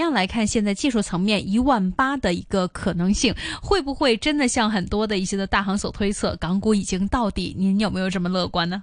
這樣來看，現在技術層面一萬八的一個可能性，會不會真的像很多的一些的大行所推測，港股已經到底？您有沒有這麼樂觀呢？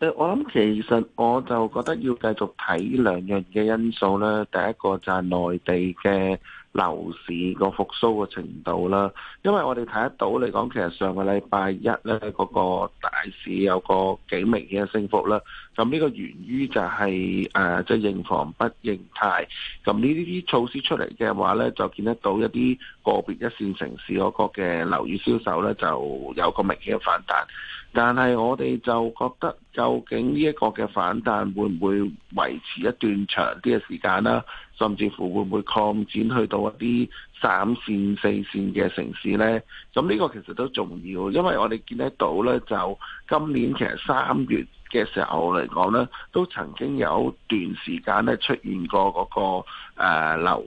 誒、呃，我諗其實我就覺得要繼續睇兩樣嘅因素啦。第一個就係內地嘅。樓市個復甦嘅程度啦，因為我哋睇得到嚟講，其實上個禮拜一咧嗰個大市有個幾明顯嘅升幅啦。咁呢個源於就係誒即係認房不認貸，咁呢啲措施出嚟嘅話咧，就見得到一啲個別一線城市嗰個嘅樓宇銷售咧就有個明顯嘅反彈。但係我哋就覺得，究竟呢一個嘅反彈會唔會維持一段長啲嘅時間啦？甚至乎會唔會擴展去到一啲三線、四線嘅城市呢？咁呢個其實都重要，因為我哋見得到呢，就今年其實三月嘅時候嚟講咧，都曾經有段時間咧出現過嗰、那個誒、呃、樓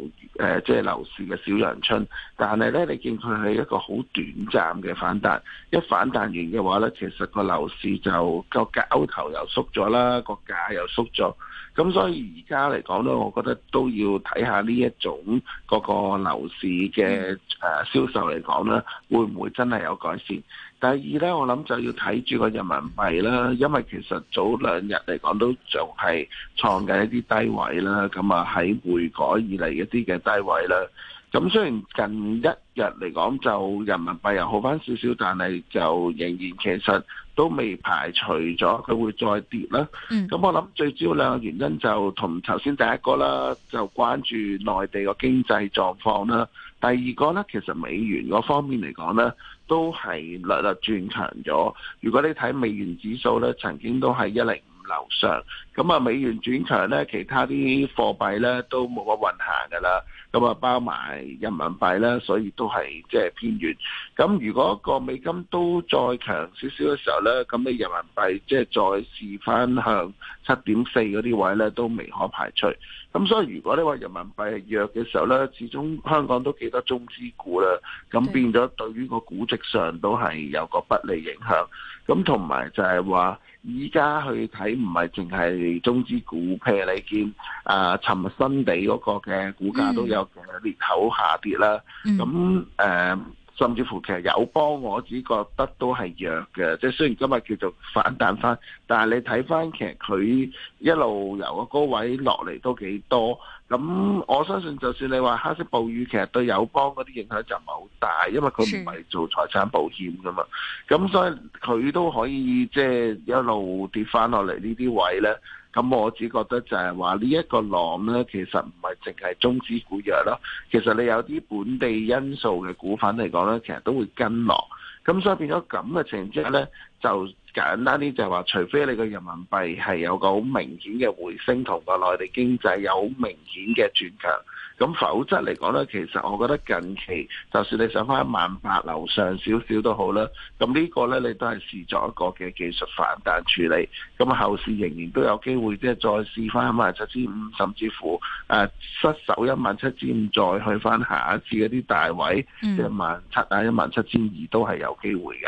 即係樓市嘅小陽春，但係咧你見佢係一個好短暫嘅反彈，一反彈完嘅話咧，其實個樓市就個交投又縮咗啦，個價又縮咗。咁所以而家嚟講咧，我覺得都要睇下呢一種嗰個樓市嘅誒銷售嚟講咧，會唔會真係有改善？第二咧，我諗就要睇住個人民幣啦，因為其實早兩日嚟講都仲係創緊一啲低位啦，咁啊喺匯改以嚟一啲嘅低位啦。咁雖然近一日嚟講，就人民幣又好返少少，但係就仍然其實都未排除咗佢會再跌啦。咁、嗯、我諗最主要兩個原因就同頭先第一個啦，就關注內地個經濟狀況啦。第二個呢，其實美元嗰方面嚟講呢，都係略略轉強咗。如果你睇美元指數呢，曾經都係一零。樓上咁啊，美元轉強咧，其他啲貨幣咧都冇乜運行噶啦，咁啊包埋人民幣呢，所以都係即係偏軟。咁如果個美金都再強少少嘅時候咧，咁你人民幣即係再試翻向七點四嗰啲位咧，都未可排除。咁所以如果你話人民幣係弱嘅時候咧，始終香港都幾多中資股啦，咁變咗對於個估值上都係有個不利影響。咁同埋就係話，依家去睇唔係淨係中資股，譬如你見啊，尋日新地嗰個嘅股價都有嘅裂口下跌啦。咁誒。甚至乎其實友邦，我自己覺得都係弱嘅，即係雖然今日叫做反彈翻，但係你睇翻其實佢一路由個高位落嚟都幾多，咁我相信就算你話黑色暴雨，其實對友邦嗰啲影響就唔係好大，因為佢唔係做財產保險㗎嘛，咁所以佢都可以即係一路跌翻落嚟呢啲位咧。咁我只覺得就係話呢一個浪咧，其實唔係淨係中資股弱咯，其實你有啲本地因素嘅股份嚟講咧，其實都會跟落。咁所以變咗咁嘅情節咧，就簡單啲就係話，除非你個人民幣係有個好明顯嘅回升，同個內地經濟有好明顯嘅轉強。咁否則嚟講咧，其實我覺得近期，就算你上翻一萬八樓上少少都好啦，咁呢個咧你都係試作一個嘅技術反彈處理。咁後後市仍然都有機會即係再試翻一萬七千五，甚至乎誒、啊、失守一萬七千五，再去翻下次一次嗰啲大位，嗯、1> 即係萬七一萬七千二都係有機會嘅。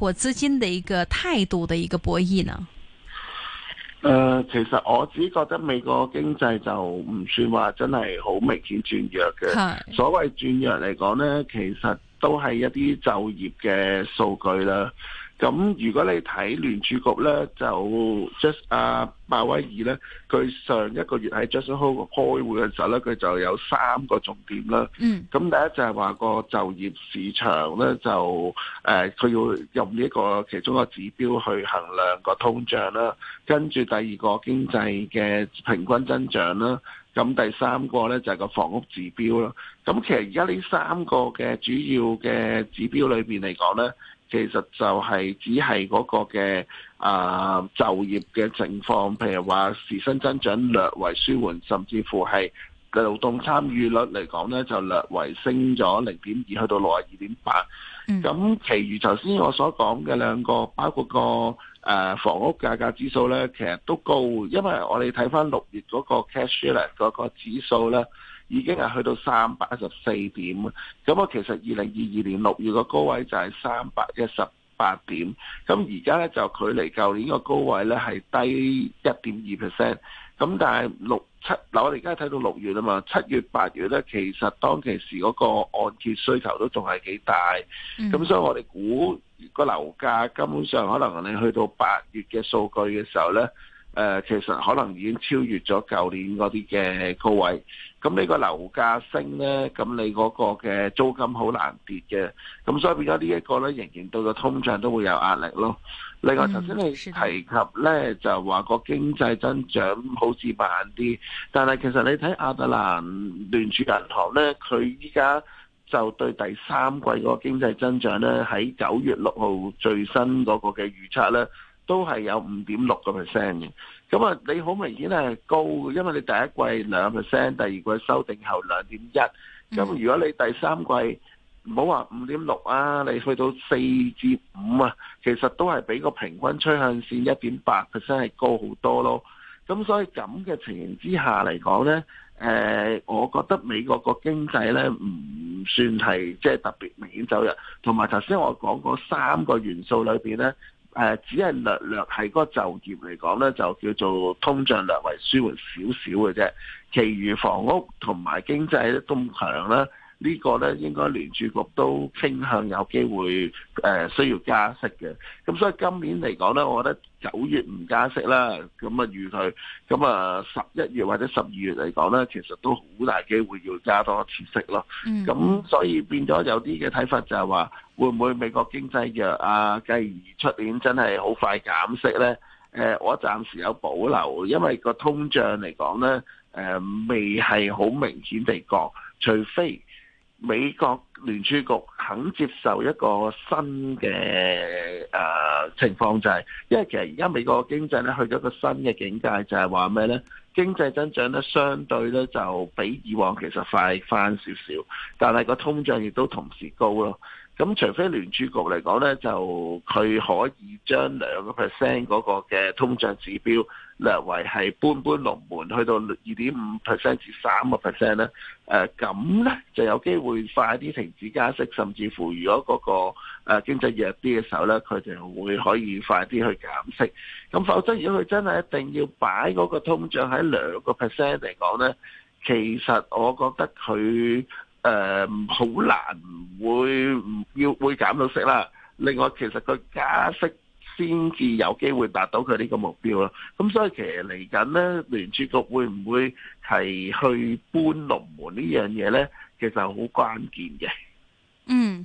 或資金的一個態度的一個博弈呢？誒、呃，其實我只覺得美國經濟就唔算話真係好明顯轉弱嘅。所謂轉弱嚟講呢，其實都係一啲就業嘅數據啦。咁如果你睇聯儲局咧，就 Just 阿鮑威爾咧，佢上一個月喺 Jackson Hole 開會嘅時候咧，佢就有三個重點啦。嗯，咁第一就係話個就業市場咧，就誒佢、呃、要用呢一個其中一個指標去衡量個通脹啦。跟住第二個經濟嘅平均增長啦，咁第三個咧就係、是、個房屋指標啦。咁其實而家呢三個嘅主要嘅指標裏面嚟講咧。其實就係只係嗰個嘅啊就業嘅情況，譬如話時薪增長略為舒緩，甚至乎係勞動參與率嚟講咧，就略為升咗零點二，去到六十二點八。咁，其餘頭先我所講嘅兩個，包括個。誒、uh, 房屋價格指數咧，其實都高，因為我哋睇返六月嗰個 cash rate 嗰、嗰個指數咧，已經係去到三百一十四點。咁啊，其實二零二二年六月嘅高位就係三百一十八點。咁而家咧就距離舊年個高位咧係低一點二 percent。咁但係六七嗱，我哋而家睇到六月啊嘛，七月八月咧，其實當其時嗰個按揭需求都仲係幾大。咁、嗯、所以我哋估。個樓價根本上可能你去到八月嘅數據嘅時候呢，誒、呃、其實可能已經超越咗舊年嗰啲嘅高位。咁你個樓價升呢，咁你嗰個嘅租金好難跌嘅。咁所以變咗呢一個呢，仍然對個通脹都會有壓力咯。另外頭先、嗯、你提及呢，的就話個經濟增長好似慢啲，但係其實你睇亞特蘭聯儲銀行呢，佢依家。就對第三季嗰個經濟增長咧，喺九月六號最新嗰個嘅預測咧，都係有五點六個 percent 嘅。咁啊，你好明顯係高嘅，因為你第一季兩 percent，第二季修訂後兩點一。咁如果你第三季唔好話五點六啊，你去到四至五啊，其實都係比個平均趨向線一點八 percent 係高好多咯。咁所以咁嘅情形之下嚟講咧，誒，我覺得美國個經濟咧唔～算係即係特別明顯走弱，同埋頭先我講嗰三個元素裏邊咧，誒、呃、只係略略係嗰個就業嚟講咧，就叫做通脹略為舒緩少少嘅啫，其餘房屋同埋經濟都咁強啦。呢個咧應該聯儲局都傾向有機會誒需要加息嘅，咁所以今年嚟講咧，我覺得九月唔加息啦，咁啊預佢，咁啊十一月或者十二月嚟講咧，其實都好大機會要加多次息咯。咁所以變咗有啲嘅睇法就係話，會唔會美國經濟弱啊，繼而出年真係好快減息咧？誒，我暫時有保留，因為個通脹嚟講咧，誒未係好明顯地降，除非。美國聯儲局肯接受一個新嘅誒、呃、情況、就是，就係因為其實而家美國嘅經濟咧去咗一個新嘅境界，就係話咩咧？經濟增長咧相對咧就比以往其實快返少少，但係個通脹亦都同時高咯。咁除非聯儲局嚟講咧，就佢可以將兩個 percent 嗰個嘅通脹指標略為係搬搬龍門，去到二點五 percent 至三個 percent 咧。誒、啊，咁咧就有機會快啲停止加息，甚至乎如果嗰個誒經濟弱啲嘅時候咧，佢就會可以快啲去減息。咁否則，如果佢真係一定要擺嗰個通脹喺兩個 percent 嚟講咧，其實我覺得佢。誒，好、嗯、難會唔要會減到息啦。另外，其實佢加息先至有機會達到佢呢個目標咯。咁所以其實嚟緊呢，聯儲局會唔會係去搬龍門呢樣嘢呢？其實好關鍵嘅。嗯。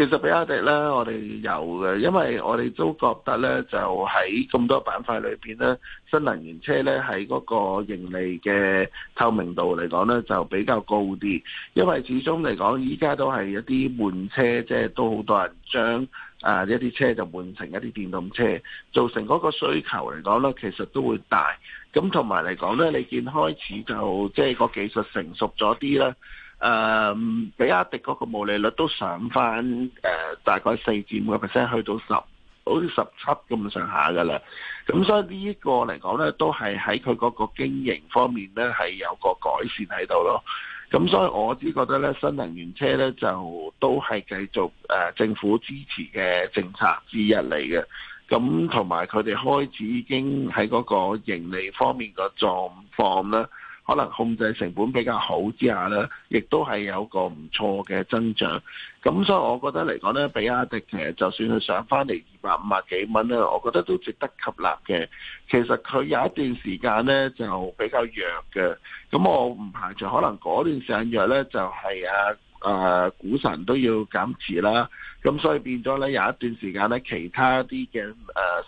其實比亞迪咧，我哋有嘅，因為我哋都覺得咧，就喺咁多板塊裏邊咧，新能源車咧喺嗰個盈利嘅透明度嚟講咧，就比較高啲。因為始終嚟講，依家都係一啲換車，即係都好多人將啊一啲車就換成一啲電動車，造成嗰個需求嚟講咧，其實都會大。咁同埋嚟講咧，你見開始就即係個技術成熟咗啲啦。誒，um, 比亞迪嗰個毛利率都上返誒、呃，大概四至五個 percent，去到十，好似十七咁上下㗎啦。咁所以呢一個嚟講咧，都係喺佢嗰個經營方面咧係有個改善喺度咯。咁所以我只覺得咧，新能源車咧就都係繼續誒、呃、政府支持嘅政策之一嚟嘅。咁同埋佢哋開始已經喺嗰個盈利方面個狀況咧。可能控制成本比較好之下呢，亦都係有個唔錯嘅增長。咁所以，我覺得嚟講呢，比亞迪其實就算佢上翻嚟二百五十幾蚊呢，我覺得都值得吸納嘅。其實佢有一段時間呢就比較弱嘅。咁我唔排除可能嗰段時間弱呢就係、是、啊。誒、啊、股神都要減持啦，咁所以變咗咧有一段時間咧，其他啲嘅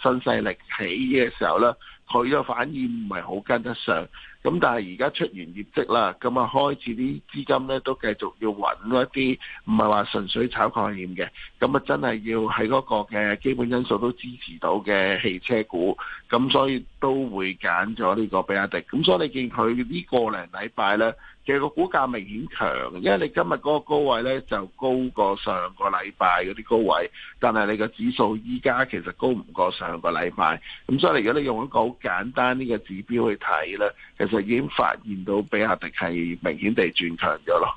誒新勢力起嘅時候咧，佢都反而唔係好跟得上。咁但係而家出完業績啦，咁啊開始啲資金咧都繼續要揾一啲，唔係話純粹炒概念嘅，咁啊真係要喺嗰個嘅基本因素都支持到嘅汽車股，咁所以都會揀咗呢個比亞迪。咁所以你見佢呢個零禮拜咧，其實個股價明顯強，因為你今日嗰個高位咧就高過上個禮拜嗰啲高位，但係你個指數依家其實高唔過上個禮拜，咁所以而家你用一個好簡單呢個指標去睇咧，其實已經發現到比亞迪係明顯地轉強咗咯。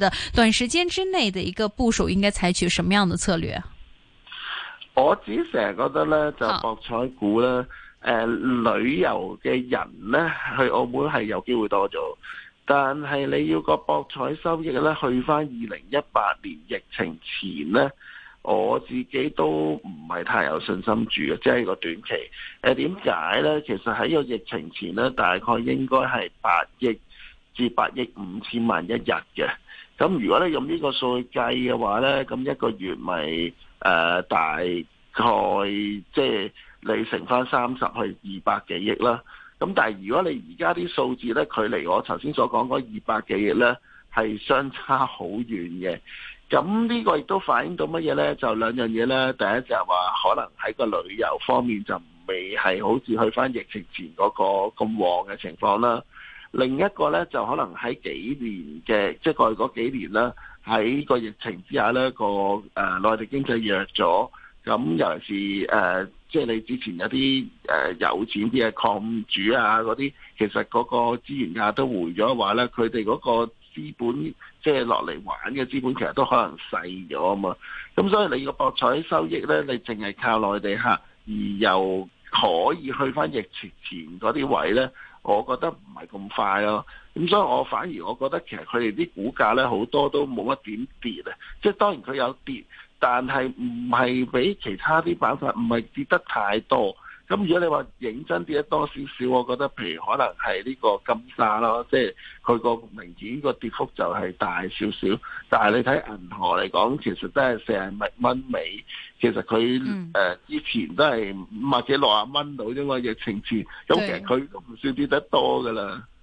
短時間之內的一個部署應該採取什麼樣的策略？我只成日覺得咧，就博彩股咧，誒，旅遊嘅人咧去澳門係有機會多咗，但係你要個博彩收益咧，去翻二零一八年疫情前咧，我自己都唔係太有信心住嘅，即係個短期。誒，點解咧？其實喺個疫情前咧，大概應該係八億至八億五千萬一日嘅。咁如果你用呢個數去計嘅話呢，咁一個月咪、就是呃、大概即係、就是、你乘翻三十去二百幾億啦。咁但係如果你而家啲數字呢，距離我頭先所講嗰二百幾億呢係相差好遠嘅。咁呢個亦都反映到乜嘢呢？就兩樣嘢呢。第一就係話，可能喺個旅遊方面就未係好似去翻疫情前嗰個咁旺嘅情況啦。另一個咧，就可能喺幾年嘅，即係過去嗰幾年啦，喺個疫情之下咧，個誒內地經濟弱咗，咁尤其是誒，即係你之前有啲誒有錢啲嘅礦主啊嗰啲，其實嗰個資源價都回咗嘅話咧，佢哋嗰個資本即係落嚟玩嘅資本，其實都可能細咗啊嘛，咁所以你個博彩收益咧，你淨係靠內地客，而又。可以去翻疫情前嗰啲位呢，我覺得唔係咁快咯啊。咁所以我反而我覺得其實佢哋啲股價呢，好多都冇乜點跌啊。即、就、係、是、當然佢有跌，但係唔係比其他啲板塊唔係跌得太多。咁、嗯、如果你話認真跌得多少少，我覺得譬如可能係呢個金沙咯，即係佢個明顯個跌幅就係大少少。但係你睇銀河嚟講，其實都係成四十蚊尾，其實佢誒之前都係五或者六啊蚊到，因為疫情前，咁、嗯、的其實佢都唔算跌得多噶啦。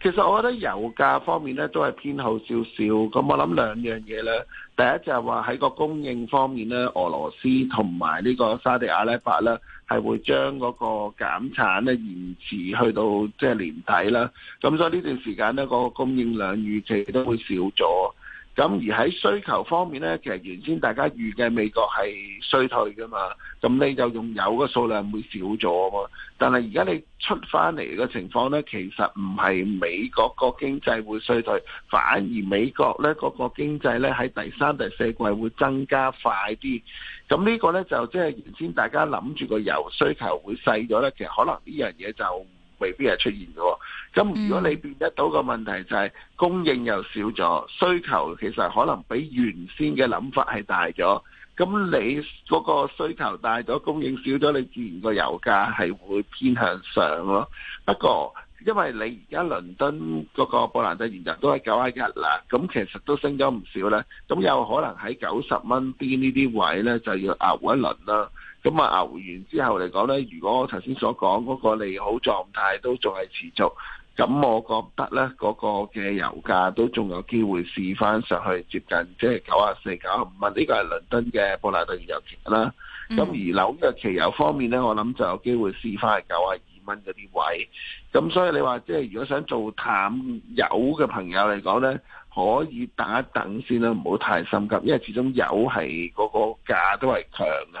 其實我覺得油價方面咧都係偏好少少，咁我諗兩樣嘢咧，第一就係話喺個供應方面咧，俄羅斯同埋呢個沙地阿拉伯咧，係會將嗰個減產咧延遲去到即係年底啦，咁所以呢段時間咧，嗰個供應量預期都會少咗。咁而喺需求方面呢，其實原先大家預計美國係衰退㗎嘛，咁你就用油嘅數量會少咗嘛。但係而家你出翻嚟嘅情況呢，其實唔係美國個經濟會衰退，反而美國呢嗰個經濟呢，喺第三、第四季會增加快啲。咁呢個呢，就即係原先大家諗住個油需求會細咗呢，其實可能呢樣嘢就～未必係出現嘅，咁如果你變得到個問題就係供應又少咗，嗯、需求其實可能比原先嘅諗法係大咗，咁你嗰個需求大咗，供應少咗，你自然個油價係會偏向上咯。不過因為你而家倫敦嗰個布蘭特現時都喺九一一啦，咁其實都升咗唔少啦，咁有可能喺九十蚊邊呢啲位呢，就要熬一輪啦。咁啊，熬完之後嚟講咧，如果我頭先所講嗰個利好狀態都仲係持續，咁我覺得咧，嗰個嘅油價都仲有機會試翻上去接近即係九啊四、九啊五蚊。呢個係倫敦嘅布蘭特油期啦。咁而紐約期油方面咧，我諗就有機會試翻係九啊二蚊嗰啲位。咁所以你話即係如果想做淡油嘅朋友嚟講咧，可以等一等先啦，唔好太心急，因為始終油係嗰個價都係強噶。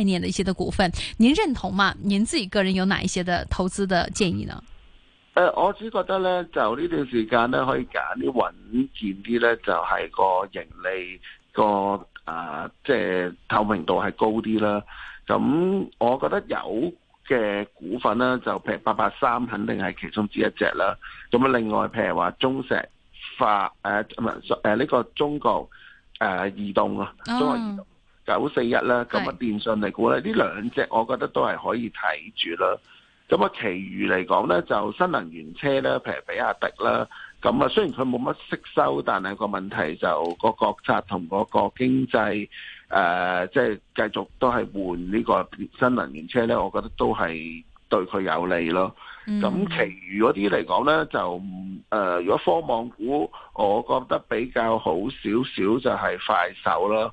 概念的一些的股份，您認同嗎？您自己個人有哪一些的投資的建議呢？誒、呃，我只覺得咧，就呢段時間咧，可以揀啲穩健啲咧，就係個盈利的個誒、呃，即係透明度係高啲啦。咁我覺得有嘅股份咧，就譬如八八三肯定係其中之一隻啦。咁啊，另外譬如話中石化誒，唔係誒、呃、呢、呃呃呢個中國誒、呃、移動啊，中國移動。嗯九四一啦，咁啊電信嚟估咧，呢兩隻我覺得都係可以睇住啦。咁啊，其餘嚟講咧，就新能源車咧，譬如比亞迪啦，咁啊雖然佢冇乜息收，但係個問題就個國策同個國經濟誒，即係繼續都係換呢個新能源車咧，我覺得都係對佢有利咯。咁，其餘嗰啲嚟講呢，就，誒、呃，如果科網股，我覺得比較好少少就係快手囉。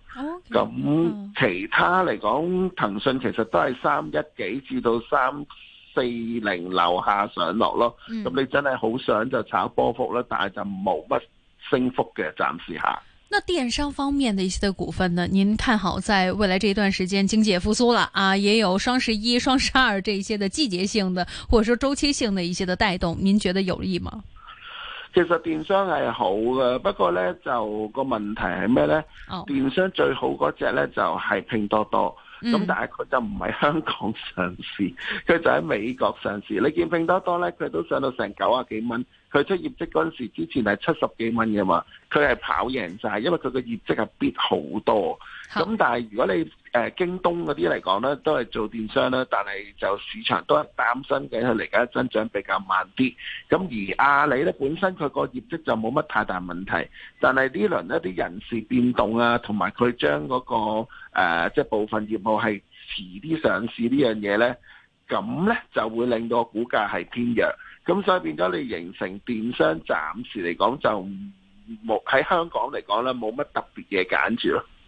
咁、啊、其他嚟講，騰訊其實都係三一幾至到三四零樓下上落咯。咁、嗯、你真係好想就炒波幅啦，但係就冇乜升幅嘅，暫時下。那電商方面的一些的股份呢？您看好在未來這一段時間經濟復甦了啊，也有雙十一、雙十二這一些的季節性的或者說週期性的一些的帶動，您覺得有利嗎？其實電商係好嘅，不過咧就個問題係咩咧？哦，oh. 電商最好嗰隻咧就係、是、拼多多，咁，但係佢就唔係香港上市，佢就喺美國上市。你見拼多多咧，佢都上到成九啊幾蚊。佢出業績嗰陣時，之前係七十幾蚊嘅嘛，佢係跑贏曬，因為佢個業績係跌好多。咁的但係如果你誒、呃、京東嗰啲嚟講咧，都係做電商啦，但係就市場都係擔心嘅，佢嚟緊增長比較慢啲。咁而阿里咧本身佢個業績就冇乜太大問題，但係呢輪一啲人事變動啊，同埋佢將嗰個即係、呃就是、部分業務係遲啲上市呢樣嘢咧，咁咧就會令到個股價係偏弱。咁所以變咗你形成電商，暫時嚟講就冇喺香港嚟講咧，冇乜特別嘅揀住咯。